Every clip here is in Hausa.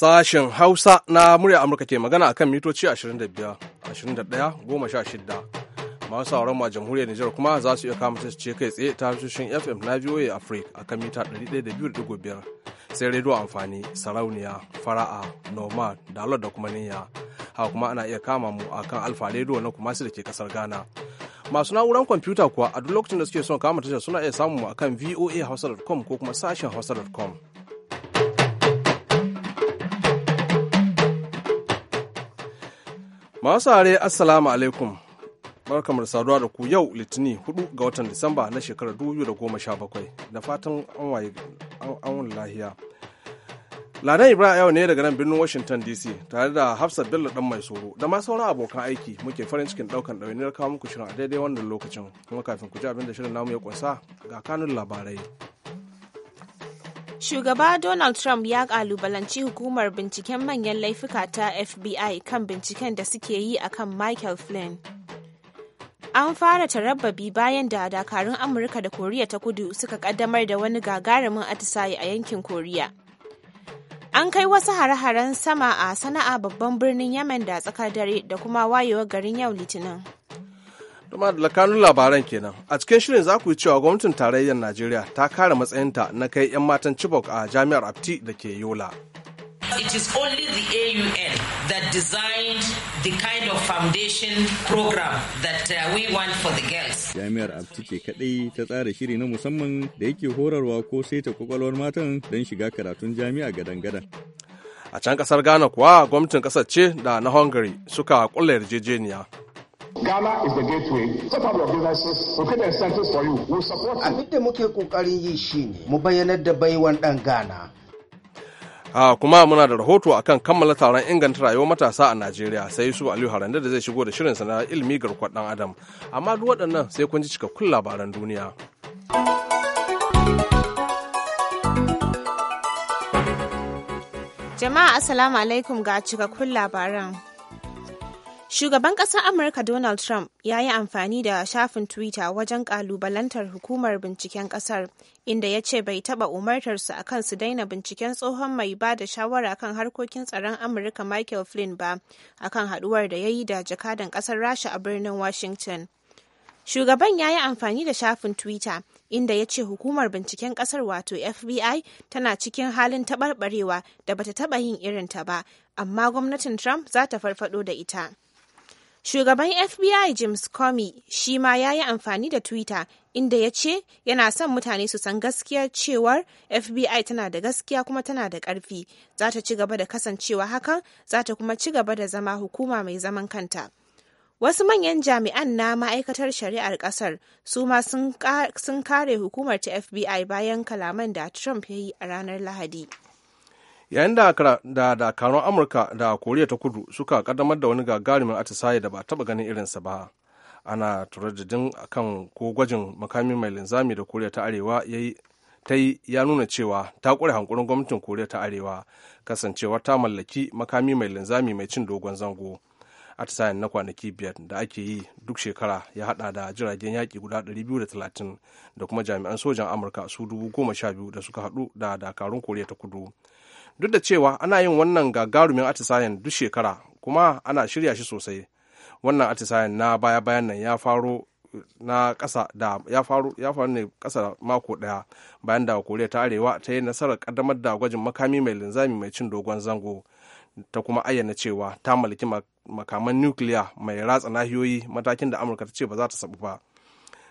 Sashen Hausa na murya Amurka ke magana akan mitoci 25, 21, 16. Masu sauran ma jamhuriyar Nijar kuma za su iya kama su ce kai tsaye ta hashoshin FM na VOA Africa akan mita 102.5 sai rediyo amfani sarauniya fara'a noma dalar da kuma niyya haka kuma ana iya kama mu akan alfa rediyo na kuma su da ke kasar Ghana. masu naurar kwamfuta kuwa a duk lokacin da suke son kama tashar suna iya samun mu akan hausa.com ko kuma sashen hausa.com. Masu are Assalamu alaikum. Barkamar saduwa da ku yau Litinin 4 ga watan Disamba na shekarar 2017 da fatan an waye an lahiya. Ladan Ibrahim yau ne daga nan birnin Washington DC tare da Hafsat Bello dan mai soro da ma sauran abokan aiki muke farin cikin daukan dawainiyar kawo muku shirin a daidai wannan lokacin kuma kafin ku ji abin da shirin namu ya kunsa ga kanun labarai. Shugaba Donald Trump ya kalubalanci hukumar binciken manyan laifuka ta FBI kan binciken da suke yi a kan Michael Flynn. An fara tarabbabi bayan da dakarun Amurka da Koriya ta kudu suka kaddamar da wani gagarumin atisaye a yankin Koriya. An kai wasu hare-haren sama a sana'a babban birnin Yemen da tsakar dare da kuma wayewar garin yau Litinin. kuma da kanun labaran kenan. A cikin shirin za ku yi cewa gwamnatin tarayyar Najeriya ta kare matsayinta na kai 'yan matan Chibok a jami'ar Apti da ke Yola. It is only the AUN that designed the kind of foundation program that uh, we want for the girls. Jami'ar Abti ke kadai ta tsara shiri na musamman da yake horarwa ko ta kwakwalwar matan don shiga karatun jami'a gadan-gadan. A can ƙasar Ghana kuwa gwamnatin kasar ce da na Hungary suka kulla yarjejeniya Ghana is the gateway. Set up your businesses. We create incentives for you. We support you. Abin da muke kokarin yi shi ne mu bayyanar da baiwan dan Ghana. A ah, kuma muna da rahoto akan kammala taron inganta rayuwar matasa a Najeriya sai su Aliyu Haranda da zai shigo da shirin na ilimi garkuwar dan Adam. Amma duk waɗannan sai kun ji cikakkun labaran duniya. Jama'a Assalamu alaikum ga cikakkun labaran. Shugaban ƙasar Amurka Donald Trump ya yi amfani da shafin Twitter wajen ƙalubalantar hukumar binciken ƙasar, inda ya ce bai taɓa umartarsu a kan su daina binciken tsohon mai ba da shawara kan harkokin tsaron Amurka Michael Flynn ba, a kan haɗuwar da ya yi da jakadan ƙasar Rasha a birnin Washington. Shugaban ya yi amfani da shafin Twitter, inda ya ce hukumar binciken ƙasar wato FBI tana cikin halin taɓarɓarewa da bata taɓa yin irinta ba, amma gwamnatin Trump za ta farfaɗo da ita. Shugaban FBI James Comey shi ma ya yi amfani da Twitter inda ya ce yana son mutane su san gaskiya cewar FBI tana da gaskiya kuma tana da ƙarfi, za ta ci gaba da kasancewa hakan, za ta kuma ci gaba da zama hukuma mai zaman kanta. Wasu manyan jami'an na ma'aikatar shari'ar ƙasar su ma sun kare hukumar ta FBI bayan kalaman da Trump ya yi a ranar Lahadi. yayin da da dakarun amurka da koriya ta kudu suka kaddamar da wani gagarumin atisaye da ba taba ganin irinsa ba ana turajidin kan ko gwajin makami mai linzami da koriya ta arewa ta yi ya nuna cewa ta ƙure hankurin gwamnatin koriya ta arewa kasancewa ta mallaki makami mai linzami mai cin dogon zango atisayen na kwanaki biyar da ake yi duk shekara ya hada da jiragen yaƙi guda 230 da kuma jami'an sojan amurka su dubu da suka haɗu da dakarun koriya ta kudu duk da cewa ana yin wannan gagarumin atisayen duk shekara kuma ana shirya shi sosai wannan atisayen na baya-bayan nan ya faro na kasa da ya faru ya faru ne kasa mako daya bayan da koriya ta arewa ta yi nasarar kaddamar da gwajin makami mai linzami mai cin dogon zango ta kuma ayyana cewa ta mallaki makaman nukiliya mai ratsa nahiyoyi matakin da amurka ta ce ba za ta sabu ba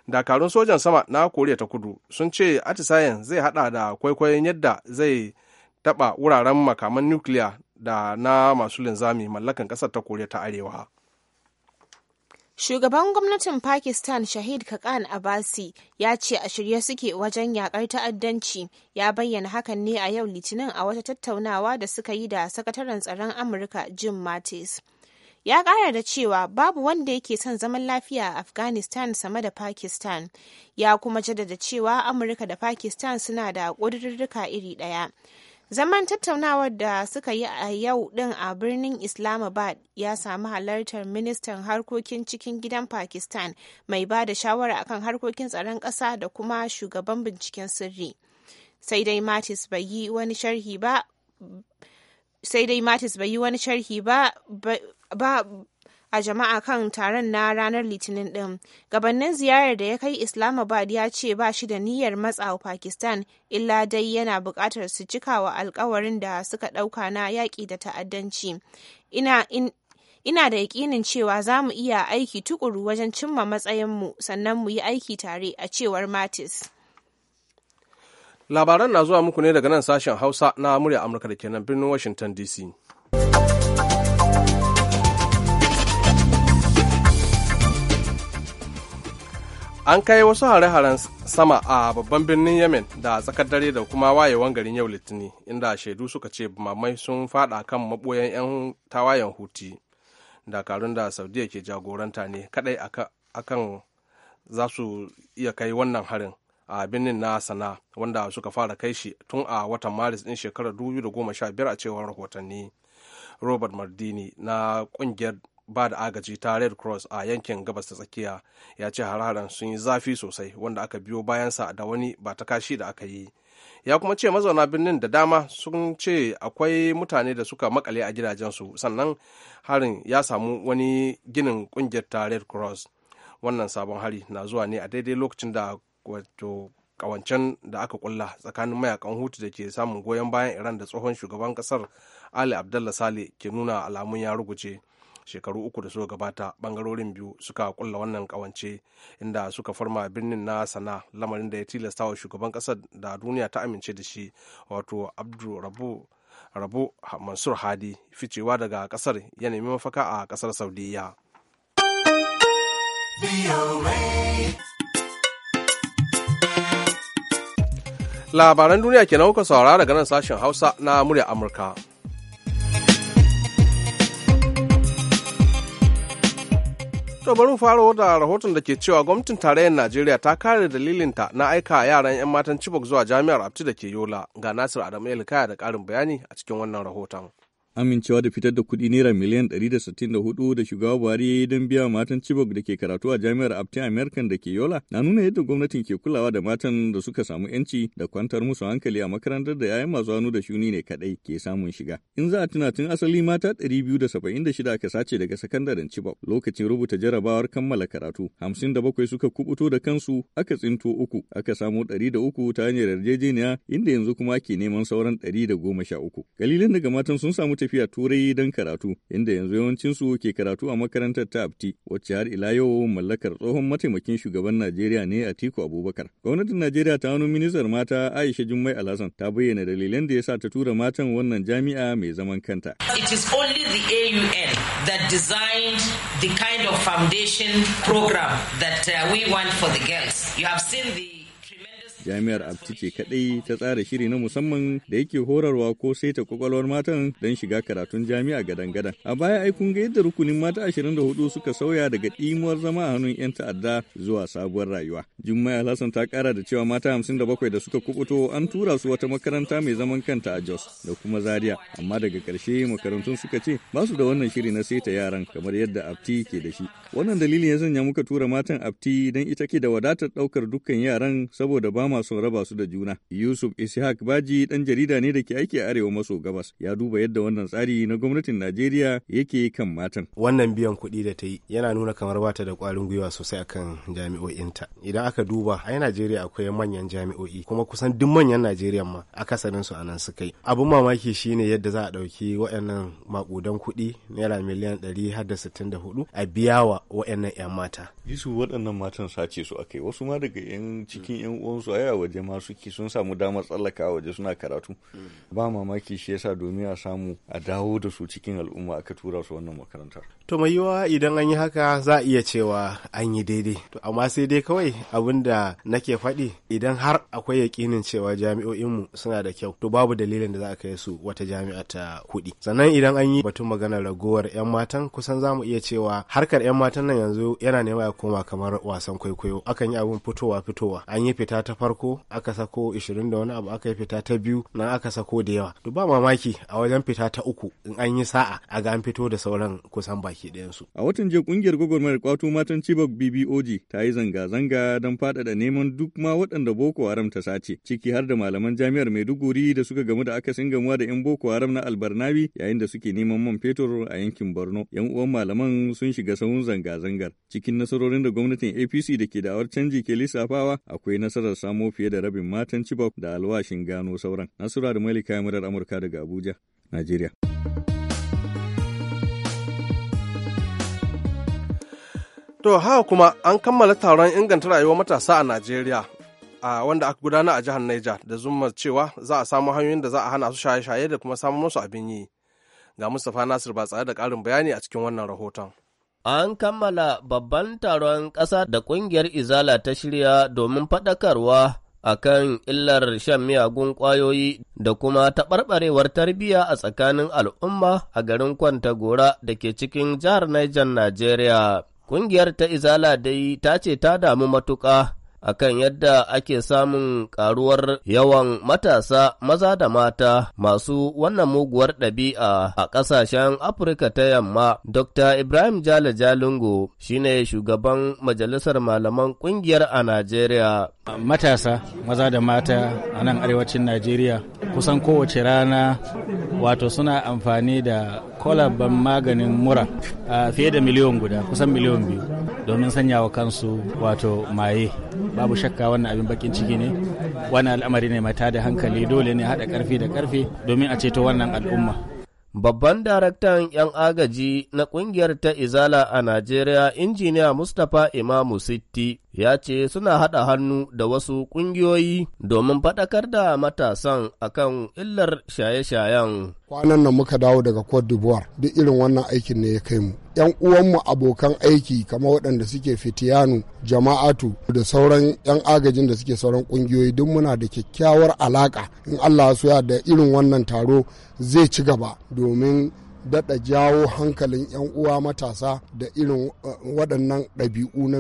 dakarun sojan sama na koriya ta kudu sun ce atisayen zai hada da kwaikwayon yadda zai taɓa wuraren makaman nukiliya da na masu linzami mallakan ƙasar ta koriya ta arewa Shugaban gwamnatin Pakistan Shahid Kakan Abasi ya ce a shirye suke wajen yakar ta'addanci ya bayyana hakan ne a yau litinin a wata tattaunawa da suka yi da sakataren tsaron Amurka Jim Mattis. Ya ƙara da cewa babu wanda yake son zaman lafiya a Afghanistan sama da Pakistan, ya kuma jaddada cewa Amurka da Pakistan suna da ƙudurruka iri ɗaya. Zaman tattaunawar da suka yi a yau din a birnin Islamabad ya sami halartar ministan harkokin cikin gidan Pakistan mai ba da shawara akan harkokin tsaron ƙasa da kuma shugaban binciken sirri. Sai dai Matis bai yi wani sharhi ba sai dai Matis bai yi wani sharhi ba, ba a jama'a kan taron na ranar litinin din gabannin ziyarar da ya kai islamabad ya ce ba shi da niyyar matsawa pakistan illa dai yana buƙatar su cikawa alkawarin da suka ɗauka na yaƙi da ta'addanci ina in, ina da yakinin cewa za mu iya aiki tukuru wajen cimma matsayinmu sannan mu yi aiki tare a cewar matis labaran na zuwa muku ne daga nan sashen hausa na murya amurka da ke birnin washington dc an kai wasu hare-haren sama a babban birnin yemen da tsakar dare da kuma wayewan garin yau litini inda shaidu suka ce mamai sun fada kan maboyan 'yan tawayen huti dakarun da saudiya ke jagoranta ne kadai akan za su iya kai wannan harin a birnin na sana wanda suka fara kai shi tun a watan maris din shekarar 2015 a cewar rahotanni robert mardini na kungiyar ba da agaji ta red cross a yankin gabas ta tsakiya ya ce har sun yi zafi sosai wanda aka biyo bayansa da wani ba ta kashi da aka yi ya kuma ce mazauna birnin da dama sun ce akwai mutane da suka makale a gidajensu sannan harin ya samu wani ginin kungiyar ta red cross wannan sabon hari na zuwa ne a daidai lokacin da wato kawancen da aka kulla tsakanin mayakan hutu da ke samun goyon bayan iran da tsohon shugaban kasar ali abdullah sale ke nuna alamun ya ruguce shekaru uku da suka gabata bangarorin biyu suka kulla wannan kawance inda suka farma birnin na sana lamarin da ya tilasta wa shugaban kasar da duniya ta amince da shi wato abdu rabu rabu mansur hadi ficewa daga kasar ya nemi mafaka a kasar saudiya labaran duniya kenan kuka saurara daga nan sashen hausa na murya amurka To bari fara da rahoton da ke cewa gwamnatin tarayyar Najeriya ta kare ta na aika yaran 'yan matan Chibok zuwa jami'ar abti da ke Yola ga Nasir Adamu Elkaya da karin bayani a cikin wannan rahoton. amincewa da fitar da kuɗi naira miliyan 164 da shugaba Buhari ya yi don biya matan Chibok da ke karatu a jami'ar Abtin American da ke Yola na nuna yadda gwamnatin ke kulawa da matan da suka samu yanci da kwantar musu hankali a makarantar da yayan masu hannu da shuni ne kaɗai ke samun shiga. In za a tuna tun asali mata 276 aka sace daga sakandaren Chibok lokacin rubuta jarabawar kammala karatu 57 suka kubuto da kansu aka tsinto uku aka samu 103 ta hanyar yarjejeniya inda yanzu kuma ake neman sauran 113. Galilin daga matan sun samu tafiya turai don karatu inda yanzu yawancinsu ke karatu a makarantar ta abti wacce har ila yau mallakar tsohon mataimakin shugaban najeriya ne a tiku abubakar gwamnatin najeriya ta wani ministar mata aisha jummai alhassan ta bayyana dalilan da ya sa ta tura matan wannan jami'a mai zaman kanta it is aun that designed the kind of program that uh, want for the girls the jami'ar abti ce kadai ta tsara shiri na musamman da yake horarwa ko sai ta kwakwalwar matan don shiga karatun jami'a gadan-gadan a baya ai kun ga yadda rukunin mata 24 suka sauya daga ɗimuwar zama a hannun 'yan ta'adda zuwa sabuwar rayuwa jummai alhassan ta kara da cewa mata 57 da suka kubuto an tura su wata makaranta mai zaman kanta a jos da kuma zaria amma daga karshe makarantun suka ce ba su da wannan shiri na saita yaran kamar yadda abti ke da shi wannan dalilin ya sanya muka tura matan abti don ita ke da wadatar daukar dukkan yaran saboda ba kama son raba su da juna. Yusuf Ishaq Baji ɗan jarida ne da ke aiki a Arewa maso gabas ya duba yadda wannan tsari na gwamnatin Najeriya yake kan matan. Wannan biyan kuɗi da ta yi yana nuna kamar bata da ƙwarin gwiwa sosai akan jami'o'inta. Idan aka duba a Najeriya akwai manyan jami'o'i kuma kusan duk manyan Najeriya ma akasarin su anan su kai. Abin mamaki shine yadda za a ɗauki waɗannan maƙudan kuɗi naira miliyan ɗari har da sittin da hudu a biya wa waɗannan 'yan mata. Yusuf waɗannan matan sace su kai wasu ma daga 'yan cikin 'yan uwansu waya waje ma suke sun samu damar tsallaka waje suna karatu mm. ba mamaki shi yasa domin a samu a dawo da su cikin al'umma aka tura su wannan makarantar to mai yiwa idan an yi haka za a iya cewa an yi daidai to amma sai dai kawai abin da nake faɗi idan har akwai yaƙinin cewa jami'o'in mu suna da kyau to babu dalilin da za a kai su wata jami'a ta kuɗi sannan idan an yi batun magana ragowar 'yan matan kusan za mu iya cewa harkar 'yan matan nan yanzu yana nema ya koma kamar wasan kwaikwayo akan yi abin fitowa fitowa an yi fita ta farko aka sako 20 da wani abu aka yi fita ta biyu nan aka sako da yawa to ba mamaki a wajen fita ta uku in an yi sa'a a ga an fito da sauran kusan baki su a watan jiya kungiyar gwagwarmayar kwato matan chibok bbog ta yi zanga-zanga don faɗaɗa neman duk ma waɗanda boko haram ta sace ciki har da malaman jami'ar maiduguri da suka gamu da akasin gamuwa da 'yan boko haram na albarnabi yayin da suke neman man fetur a yankin borno 'yan uwan malaman sun shiga sahun zanga-zangar cikin nasarorin da gwamnatin apc da ke da'awar canji ke lissafawa akwai nasarar samun kamo fiye da rabin matan Chibok da alwashin gano sauran. Nasura da Malika ya murar Amurka daga Abuja, Najeriya. To haka kuma an kammala taron inganta rayuwar matasa a Najeriya a wanda aka gudana a jihar Niger da zuma cewa za a samu hanyoyin da za a hana su shaye-shaye da kuma samun musu abin yi. Ga Mustapha Nasir ba tsare da ƙarin bayani a cikin wannan rahoton. An kammala babban taron ƙasa da ƙungiyar Izala ta shirya domin faɗakarwa a kan illar shan miyagun ƙwayoyi da kuma taɓarɓarewar tarbiyya a tsakanin al'umma a garin Kwantagora da ke cikin jihar Niger, Najeriya. Ƙungiyar ta Izala dai ta ce ta damu matuƙa akan yadda ake samun karuwar yawan matasa maza da mata masu wannan muguwar ɗabi'a a ƙasashen Afirka ta yamma. Dr. Ibrahim Jale Jalingo shine shugaban majalisar malaman ƙungiyar a Najeriya. Matasa maza da mata a nan arewacin Najeriya kusan kowace rana wato suna amfani da kwalaban maganin mura fiye da miliyon guda kusan miliyon biyu domin sanya wa kansu wato maye babu shakka wannan abin bakin ciki ne Wani al'amari ne mai da hankali dole ne haɗa ƙarfi da ƙarfi domin a ceto wannan al'umma Babban daraktan 'yan agaji na ƙungiyar ta Izala a Najeriya, Injiniya Mustapha Imamu Sitti, ya ce suna haɗa hannu da wasu ƙungiyoyi domin faɗakar da matasan akan illar shaye-shayen. Kwanan nan muka dawo daga Cote d'Ivoire duk irin wannan aikin ne ya kai mu. ‘Yan uwanmu abokan aiki kamar waɗanda suke fitiyanu, jama'atu da sauran ‘yan agajin da suke sauran ƙungiyoyi duk muna da kyakkyawar alaƙa in Allah ya da irin wannan taro zai ci gaba domin daɗa jawo hankalin 'yan uwa matasa da irin eh, waɗannan ɗabi'u na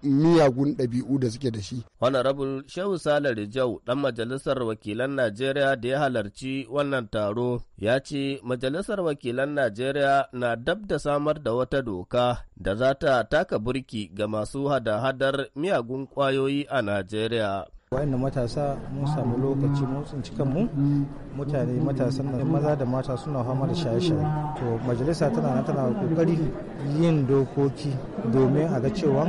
miyagun ɗabi'u da suke da shi. Honorable Shehu salar jau ɗan majalisar wakilan Najeriya da ya halarci wannan taro ya ce majalisar wakilan Najeriya na dab da samar da wata doka da za ta taka burki ga masu hada-hadar miyagun ƙwayoyi a Najeriya. wa'annan matasa mun samu lokaci mun tsinci kanmu mutane matasan nan maza da mata suna fama da shaye-shaye to majalisa tana nan tana kokari yin dokoki domin a ga cewa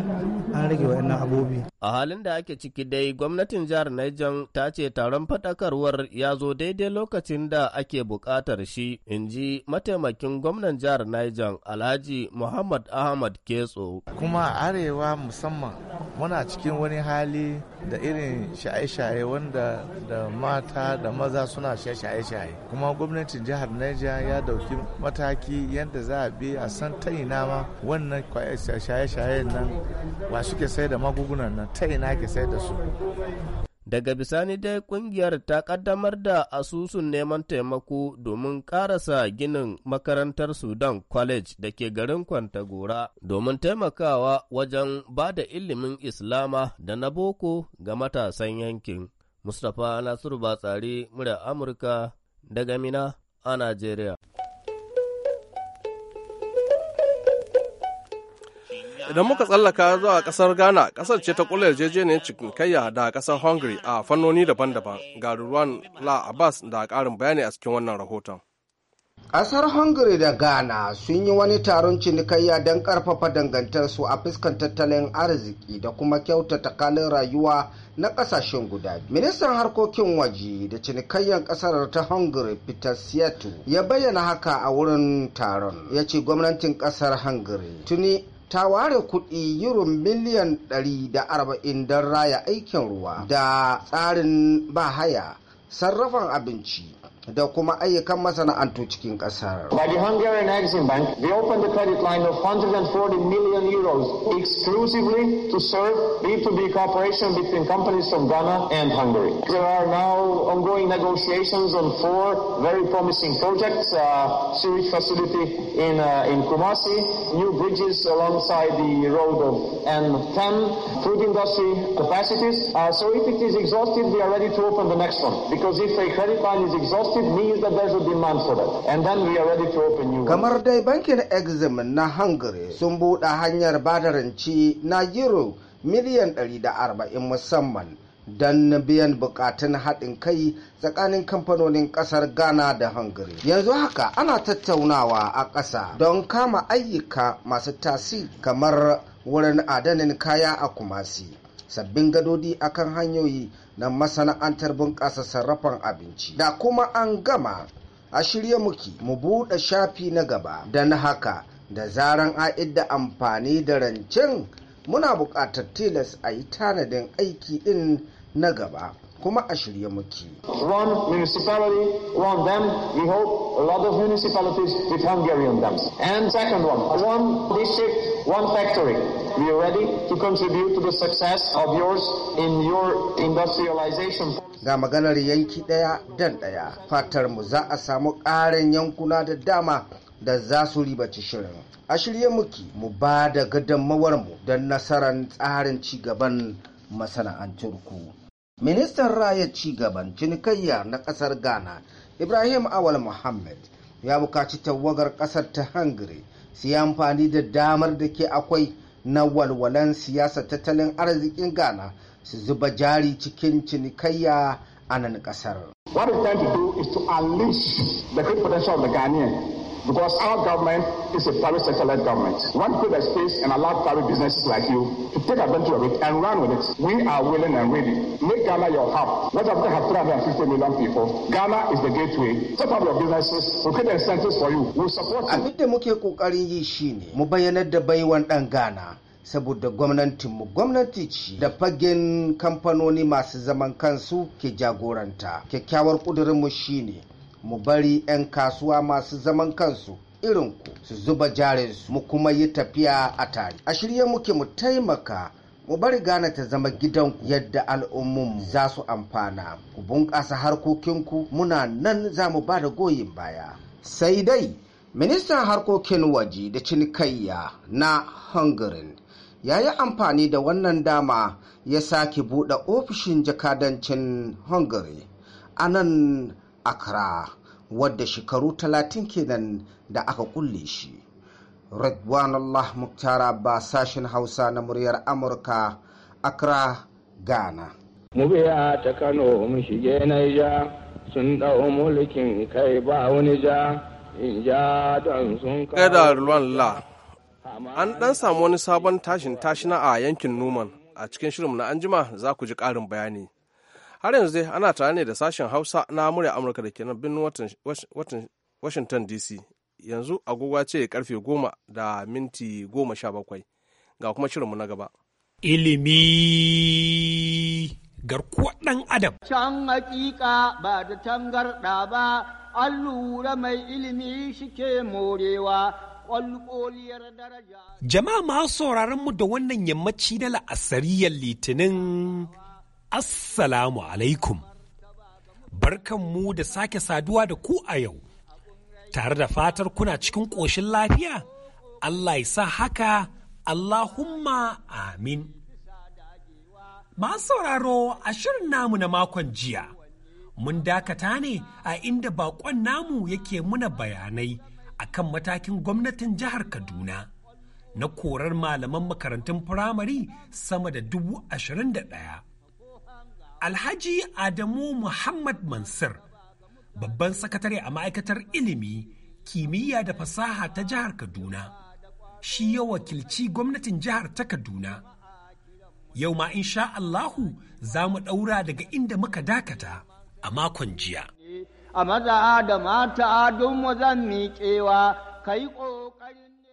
an rage wa'annan abobi. A halin da ake ciki dai gwamnatin jihar Niger ta ce taron fadakarwar ya zo daidai lokacin da ake buƙatar shi, in ji mataimakin gwamnan jihar Niger Alhaji Muhammad Ahmad Ketso. Kuma arewa musamman muna cikin wani hali da irin shaye-shaye wanda da mata da maza suna shaye-shaye. Kuma gwamnatin jihar Niger ya dauki mataki yadda za a bi a san ta ina ma wannan shaye shaye nan wa suke sai da magungunan nan. ta ina ke sai da su daga bisani dai kungiyar ta kaddamar da asusun neman taimako domin karasa ginin makarantar sudan college da ke garin kwantagora domin taimakawa wajen ba da ilimin islama da na boko ga matasan yankin mustapha nasiru batsari murya amurka daga mina a najeriya Idan muka tsallaka zuwa kasar Ghana, kasar ce ta kula yarjejeniyar cinikayya da kasar Hungary a fannoni daban-daban. Ga Ruwan La Abbas da ƙarin bayani a cikin wannan rahoton. Ƙasar Hungary da Ghana sun yi wani taron cinikayya don ƙarfafa dangantarsu a fuskan tattalin arziki da kuma kyautata kalin rayuwa na ƙasashen guda. Ministan harkokin waje da cinikayyar ƙasar ta Hungary Peter Sietu ya bayyana haka a wurin taron. Ya ce gwamnatin ƙasar Hungary tuni ta ware kuɗi ɗari miliyan 140 don raya aikin ruwa da tsarin bahaya sarrafan abinci da kuma ayyukan masana'antu cikin kasar. By the Hungarian Exim Bank, we opened the credit line of 140 million euros exclusively to serve B2B cooperation between companies from Ghana and Hungary. There are now ongoing negotiations on four very promising projects, uh, sewage facility in, uh, in Kumasi, new bridges alongside the road of N10, food industry capacities. Uh, so if it is exhausted, we are ready to open the next one. Because if a credit line is exhausted, Kamar dai bankin Exim na Hungary sun buɗe hanyar bada na euro miliyan 140 musamman don biyan bukatun haɗin kai tsakanin kamfanonin ƙasar ghana da hungary yanzu haka ana tattaunawa a ƙasa don kama ayyuka masu tasiri kamar wurin adanin kaya a kumasi sabbin gadodi akan hanyoyi na masana'antar bunƙasa sarrafan abinci da kuma an gama a shirya muke mu buɗe shafi na gaba da na haka da zaran a'id da amfani da rancen muna buƙatar tilas a yi tanadin aiki din na gaba kuma a shirye muke. Run municipality, run them, we hope a lot of municipalities with Hungarian dams. And second one, one district, one factory. We are ready to contribute to the success of yours in your industrialization Ga maganar yanki ɗaya dan ɗaya, fatar mu za a samu ƙarin yankuna da dama da za su ribaci shirin. A shirye muke mu ba da mawar mu don nasarar tsarin cigaban masana'antar ku. ministan raya cigaban cinikayya na ƙasar ghana ibrahim awal muhammad ya buƙaci tawagar ƙasar ta hungary su yi amfani da damar da ke akwai na walwalan siyasa tattalin arzikin ghana su zuba jari cikin cinikayya a nan kasar. What is time to do is to unleash the great potential of the Ghanaian because our government is a private sector led government. One could space and allow private businesses like you to take advantage of it and run with it. We are willing and ready. Make Ghana your hub. Let Africa have 350 million people. Ghana is the gateway. Set up your businesses. We'll create incentives for you. We'll support you. Abin da muke karin yi shine mu bayyanar da baiwan dan Ghana saboda mu. gwamnati ce da fagen kamfanoni masu zaman kansu ke jagoranta kyakkyawar mu shine mu bari 'yan kasuwa masu zaman kansu irin ku su zuba jarinsu mu kuma yi tafiya a tare a shirye muke mu taimaka mu bari Gana ta zama gidan yadda al'ummun za su amfana ku bunƙasa harkokinku muna nan za mu ba da goyin baya sai dai ministan harkokin waje da cinikayya na Hungarian ya yi amfani da wannan dama ya sake buɗe ofishin jakadancin hungary a nan accra wadda shekaru talatin kenan da aka kulle shi Allah muktara ba sashen hausa na muryar amurka accra ghana mu ta kano mu shige naija sun dau mulkin kai ba wani ja in ja don sun kada ruwan la an dan samu wani sabon tashin tashina a yankin numan a cikin shirin na anjima za ku ji ƙarin bayani har yanzu dai ana tare ne da sashen hausa na murya amurka da ke nan birnin washington dc yanzu agogo ce karfe goma da minti goma sha bakwai ga kuma shirinmu na gaba ilimi garkuwa ɗan adam can hakika ba da tangarɗa ba allura mai ilimi shike morewa Jama'a masu sauraron mu da wannan yammaci na la'asariyar litinin Assalamu alaikum. mu da sake saduwa da ku a yau, tare da fatar kuna cikin ƙoshin lafiya, Allah ya sa haka Allahumma amin. Masu sauraro a shirin namu na makon jiya, mun dakata ne a inda baƙon namu yake muna bayanai a kan matakin gwamnatin jihar Kaduna. na korar malaman makarantun firamare sama da dubu ashirin da ɗaya Alhaji Adamu Muhammad Mansur, babban sakatare a ma'aikatar ilimi, kimiyya da fasaha ta jihar Kaduna, shi ya wakilci gwamnatin jihar ta Kaduna. Yau ma insha Allahu za mu ɗaura daga inda muka dakata a makon jiya. A maza da mata don mu zan miƙewa, kai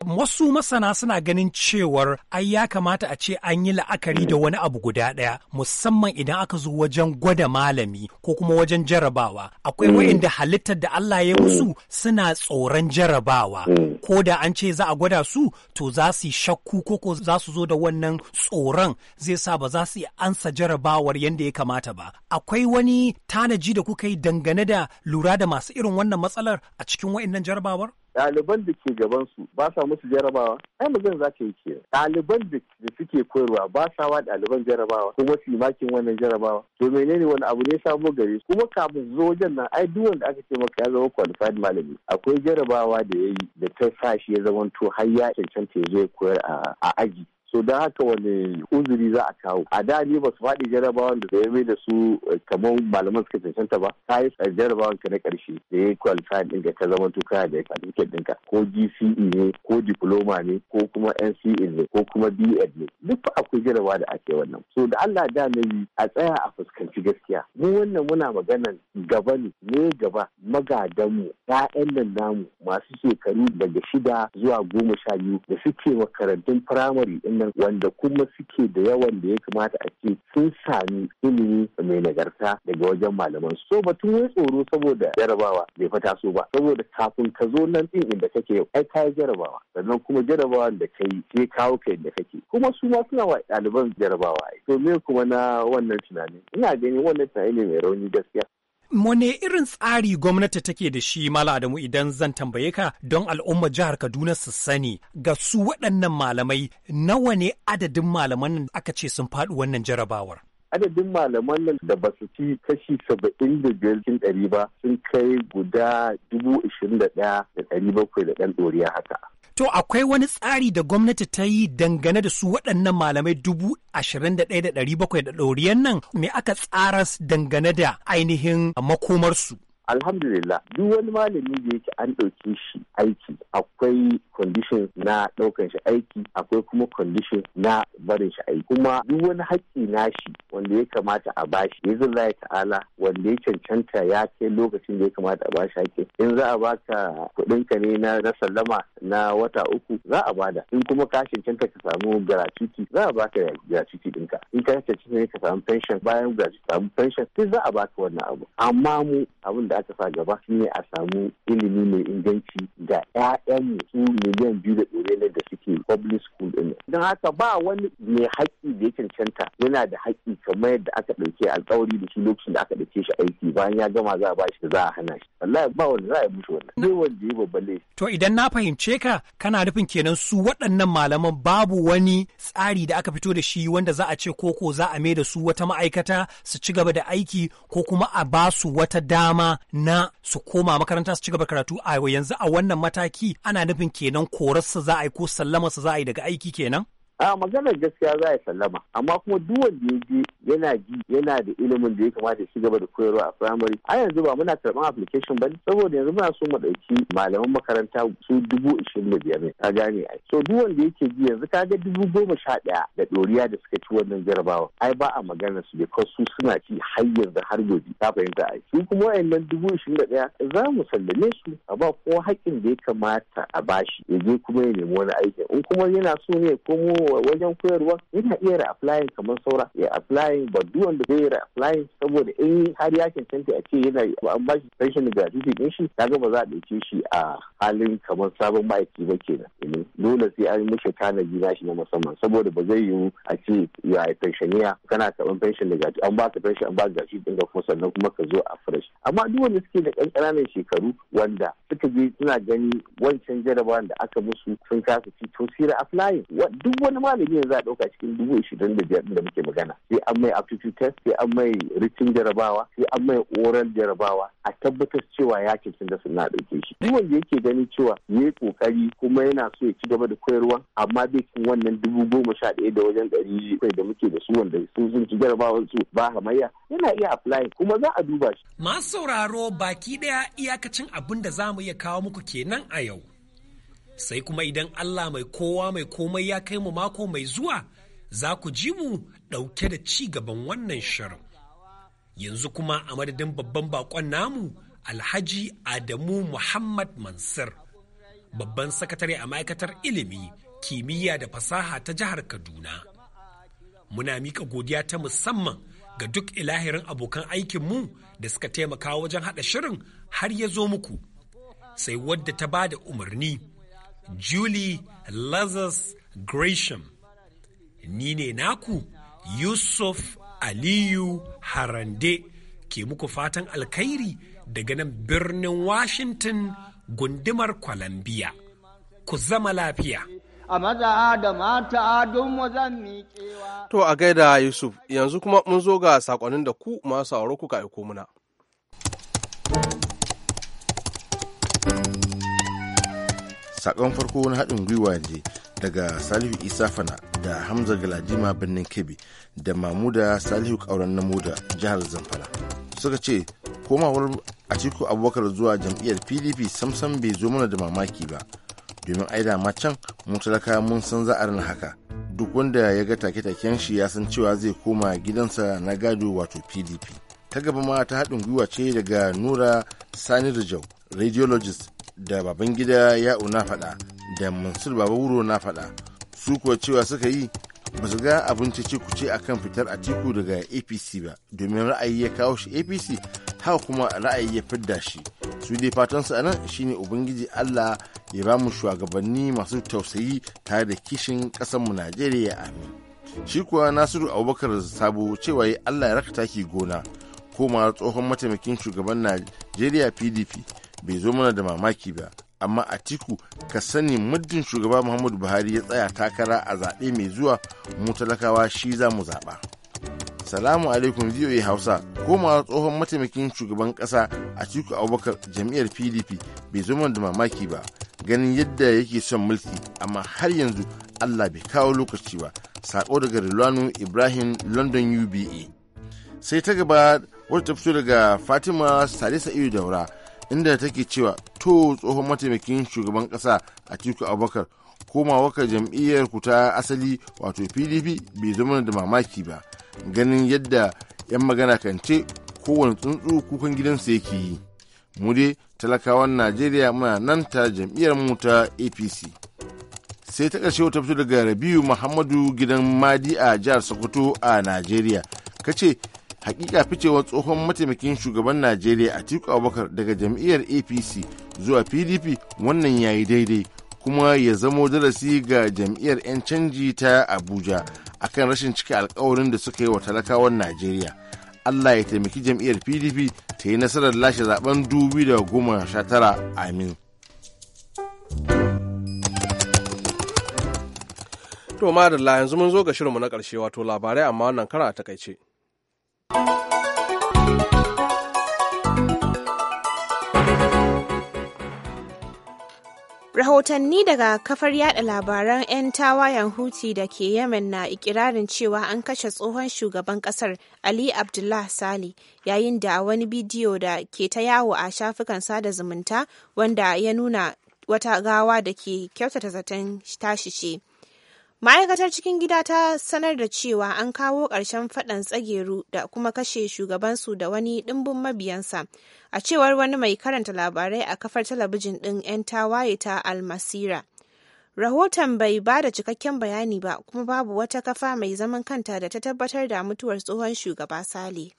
wasu masana suna ganin cewar ai ya kamata a ce an yi la'akari da wani abu guda ɗaya musamman idan aka zo wajen gwada malami ko kuma wajen jarabawa akwai mm. wa'inda halittar da Allah ya musu mm. suna tsoron jarabawa mm. ko da an ce za a gwada su to za su yi shakku ko ko za su zo da wannan tsoron zai sa ba za su yi ansa jarabawar yadda ya kamata ba akwai wani tanaji da kuka yi dangane da lura da masu irin wannan matsalar a cikin wa'innan jarabawar ɗaliban da ke gabansu ba sa musu jarabawa ai magan za ka yi ke ɗaliban da suke koyarwa ba sa wa ɗaliban jarabawa kuma su makin wannan jarabawa to menene wani abu ne sabo gare su kuma kafin zo wajen nan ai duk wanda aka ce maka ya zama qualified malami akwai jarabawa da ya yi da ta sa shi ya zamanto har ya cancanta ya zo ya koyar a aji so don haka wani uzuri za a kawo a da ne ba su faɗi jarabawan da ya mai da su eh, kamar malaman suka cancanta ba Ta yi jarabawan ka na ƙarshe da ya kwalifayin ɗin ka zama da ya da certificate ɗinka ko GCE ne ko diploma ne ko kuma NCE ne ko kuma BEd ne duk fa akwai jarabawa da ake wannan so da Allah da na yi a tsaya a fuskanci gaskiya mu wannan muna maganan gaba ne ne gaba magadanmu ƴaƴan nan namu masu shekaru daga shida zuwa goma sha biyu da suke makarantun firamare ɗin nan wanda kuma suke da yawan da ya kamata a ce sun sami ilimi mai nagarta daga wajen malaman so batun wai tsoro saboda jarabawa bai fata so ba saboda kafin ka zo nan din inda kake yau ai kayi jarabawa sannan kuma jarabawar da kai sai kawo kai da kake kuma su ma suna wa ɗaliban jarabawa to me kuma na wannan tunani ina ganin wannan tunani ne mai rauni gaskiya Mone irin tsari gwamnati take da shi Mala Adamu idan zan tambaye ka don al'umma jihar Kaduna su sani ga su waɗannan malamai nawa ne adadin malaman nan aka ce sun faɗi wannan jarabawar. Adadin malaman nan da ba su fi kashi saba'in da biyar cikin ɗari ba sun kai guda dubu ishirin da ɗaya da ɗari bakwai da ɗan ɗoriya haka. To akwai wani tsari da gwamnati ta yi dangane da su waɗannan malamai dubu ashirin da ɗaya da ɗari bakwai da ɗoriyan nan me aka tsara dangane da ainihin makomarsu. alhamdulillah duk wani malami da yake an ɗauki shi aiki akwai condition na ɗaukan shi aiki akwai kuma condition na barin shi aiki kuma duk wani haƙƙi shi wanda ya kamata a bashi ya zai ta'ala wanda ya cancanta ya kai lokacin da ya kamata a bashi haƙƙi in za a baka kuɗin ka ne na na sallama na wata uku za a bada in kuma ka cancanta ka samu gratuity za a baka gratuity ɗinka in ka cancanta ka samu pension bayan gratuity samu pension sai za a baka wannan abu amma mu abin da aka sa gaba ne a samu ilimi mai inganci ga yayan su miliyan biyu da ɗore ne da suke public school ɗin don haka ba wani mai haƙƙi da ya cancanta yana da haƙƙi kamar yadda aka ɗauke alƙawari da shi lokacin da aka ɗauke shi aiki bayan ya gama za a ba shi za a hana shi wallahi ba wani za a yi musu wannan zai wanda ya babban to idan na fahimce ka kana nufin kenan su waɗannan malaman babu wani tsari da aka fito da shi wanda za a ce ko ko za a mai da su wata ma'aikata su ci gaba da aiki ko kuma a ba su wata dama na su koma makaranta su ci gaba karatu a yanzu a wannan mataki ana nufin kenan korarsa za a yi ko sallamarsa za a yi daga aiki kenan? a maganar gaskiya za a sallama amma kuma duk wanda ya je yana ji yana da ilimin da ya kamata ya ci gaba da koyarwa a firamare a yanzu ba muna karɓar application ba saboda yanzu muna so mu ɗauki malaman makaranta su dubu ishirin da biyar ne a gane ai so duk wanda yake ji yanzu ka ga dubu goma sha ɗaya da ɗoriya da suka ci wannan jarabawa ai ba a maganar su because su suna ci har yanzu har gobe ta fahimta ai su kuma wayannan dubu ishirin da ɗaya za mu sallame su a ba ko haƙƙin da ya kamata a bashi ya je kuma ya nemi wani aikin in kuma yana so ne ko komo wajen koyarwa yana iya reapplying kamar saura ya applying ba duk wanda zai reapplying saboda in har ya cancanta a ce yana an ba shi rashin gratuity din shi kaga ba za a shi a halin kamar sabon ma'aiki ba kenan dole sai an mushe tanaji na shi na musamman saboda ba zai yiwu a ce ya pensioniya kana karɓar pension da gaji an ba ka pension an ba ka gaji din kuma sannan kuma ka zo a fresh amma duk wanda suke da ƙanƙananan shekaru wanda suka je suna gani wancan jarabawan da aka musu sun kasa ci to sira applying duk wani wani malami yanzu a ɗauka cikin dubu ishirin da biyar da muke magana sai an mai aptitude test sai an mai ritin jarabawa sai an mai oral jarabawa a tabbatar cewa ya da suna ɗauke shi duk wanda yake gani cewa ya yi ƙoƙari kuma yana so ya ci gaba da koyarwa amma bai wannan dubu goma sha ɗaya da wajen ɗari kai da muke da su wanda sun sun ci jarabawar su ba hamayya yana iya apply kuma za a duba shi. masu sauraro baki ɗaya iyakacin abin da za mu iya kawo muku kenan a yau. sai kuma idan Allah mai kowa mai komai ya kai mu mako mai zuwa za ku ji mu ɗauke da ci gaban wannan shirin. Yanzu kuma a madadin babban bakon namu Alhaji Adamu Muhammad Mansur, babban sakatare a ma'aikatar ilimi, kimiyya da fasaha ta jihar Kaduna. Muna mika godiya ta musamman ga duk ilahirin abokan aikinmu da suka taimaka wajen haɗa shirin har ya zo muku. Sai wadda ta ba da umarni Julie Lazarus Gresham. Ni ne naku Yusuf Aliyu Harande ke muku fatan alkhairi daga nan birnin Washington gundumar Columbia. Ku zama lafiya. a maza da mata don zan To a gaida Yusuf, yanzu kuma mun zo ga saƙonin da ku masu auro kuka aiko muna. sakon farko na haɗin gwiwa ne daga salihu isa fana da hamza galadima birnin kebbi da mamuda salihu ƙauran namo da jihar zamfara suka ce komawar a ciko abubakar zuwa jam'iyyar pdp samsam bai zo mana da mamaki ba domin aida macan can mun talaka mun san za a rana haka duk wanda ya ga take-taken shi ya san cewa zai koma gidansa na gado wato pdp ta gaba ma ta haɗin gwiwa ce daga nura sani rijau radiologist da babangida ya'u na faɗa da mansur baba wuro na faɗa su kuwa cewa suka yi ba su ga abin cece a kan fitar a tiku daga apc ba domin ra'ayi ya kawo shi apc haka kuma ra'ayi ya fidda shi su dai fatansu a nan shine ubangiji allah ya ba mu shugabanni masu tausayi tare da kishin ƙasarmu najeriya amin shi kuwa nasiru abubakar sabo cewa ya allah ya raka taki gona ko koma tsohon mataimakin shugaban najeriya pdp bai zo mana da mamaki ba amma a tiku ka sani muddin shugaba muhammadu buhari ya tsaya takara a zaɓe mai zuwa mu talakawa shi za mu zaɓa salamu alaikum voa hausa komawa tsohon mataimakin shugaban ƙasa a tiku abubakar jam'iyyar pdp bai zo mana da mamaki ba ganin yadda yake son mulki amma har yanzu allah bai kawo lokaci ba sako daga rilwanu ibrahim london uba sai ta gaba wata ta fito daga fatima salisa sa'idu daura inda take cewa to tsohon mataimakin shugaban kasa tiku abubakar komawaka jam'iyyar ku ta asali wato pdp bai zama da mamaki ba ganin yadda 'yan magana kan ce kowane tsuntsu kukan gidansa yake yi mu dai talakawan najeriya muna nan ta jam'iyyar mu ta apc sai ta ƙarshe wata fito daga rabiu muhammadu gidan madi a jihar sokoto a najeriya kace hakika ficewar tsohon mataimakin shugaban najeriya atiku abubakar daga jam'iyyar apc zuwa pdp wannan yayi daidai kuma ya zamo darasi ga jam'iyyar 'yan canji ta abuja akan rashin cika alkawarin da suka yi wa talakawan najeriya allah ya taimaki jam'iyyar pdp ta yi nasarar lashe zaben 2019 amin to da yanzu mun zo ga shirinmu na ƙarshe wato labarai amma wannan kara a takaice rahotanni daga kafar yada labaran 'yan tawayen huti da ke yemen na ikirarin cewa an kashe tsohon shugaban kasar ali abdullah sali yayin da wani bidiyo da ke ta yawo a shafukan sada zumunta wanda ya nuna wata gawa da ke kyautata zaton tashi ce ma'aikatar cikin gida ta sanar da cewa an kawo ƙarshen faɗan tsageru da kuma kashe shugabansu da wani ɗimbin mabiyansa a cewar wani mai karanta labarai a kafar talabijin ɗin 'yan tawaye ta almasira rahoton bai ba da cikakken bayani ba kuma babu wata kafa mai zaman kanta da ta tabbatar da mutuwar tsohon shugaba sale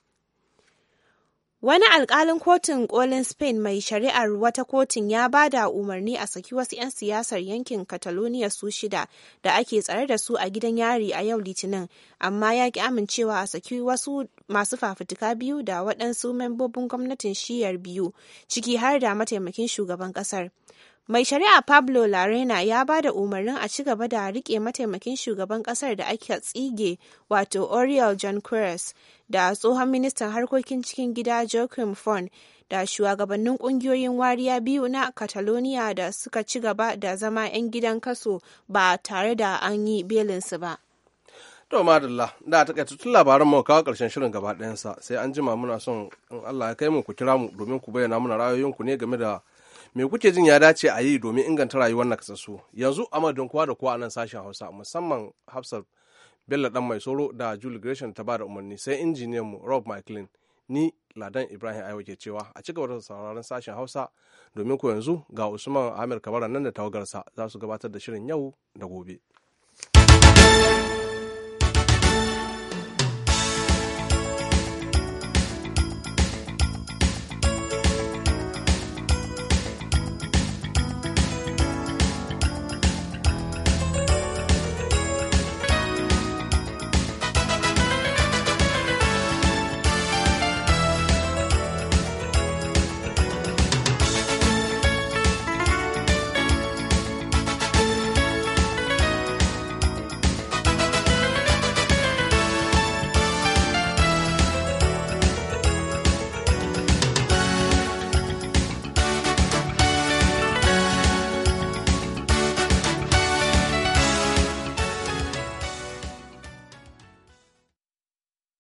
Wani alkalin kotun kolin Spain mai shari'ar wata kotun ya ba da umarni a saki wasu 'yan siyasar yankin Catalonia su shida da ake tsare da su a gidan yari a yau Litinin, amma ya ki amincewa a saki wasu masu fafutuka biyu da waɗansu membobin gwamnatin shiyar biyu, ciki har da mataimakin shugaban ƙasar. Mai shari'a Pablo Larena ya ba da umarnin a ci gaba da rike mataimakin shugaban kasar da aka tsige wato Oriol Junqueras da tsohon ministan harkokin cikin gida Joaquim Fon da shugabannin kungiyoyin wariya biyu na Catalonia da suka ci gaba da zama 'yan gidan kaso ba tare da an yi belinsu ba. To madalla, da ta tutun labaran mu kawo karshen shirin gaba ɗayansa sai an jima muna son in Allah ya kai mu ku kira mu domin ku bayyana muna ra'ayoyinku ne game da me kuke jin ya dace a yi domin inganta rayuwar nakasassu yanzu amadu kowa da kowa a nan sashen hausa musamman hafsat bello dan mai soro da julie gresham ta ba da umarni sai injiniyan mu rob mclean ni ladan ibrahim ayo ke cewa a cigaba da sauraron sashen hausa domin ku yanzu ga usman amir kabara nan da tawagarsa za su gabatar da shirin yau da gobe.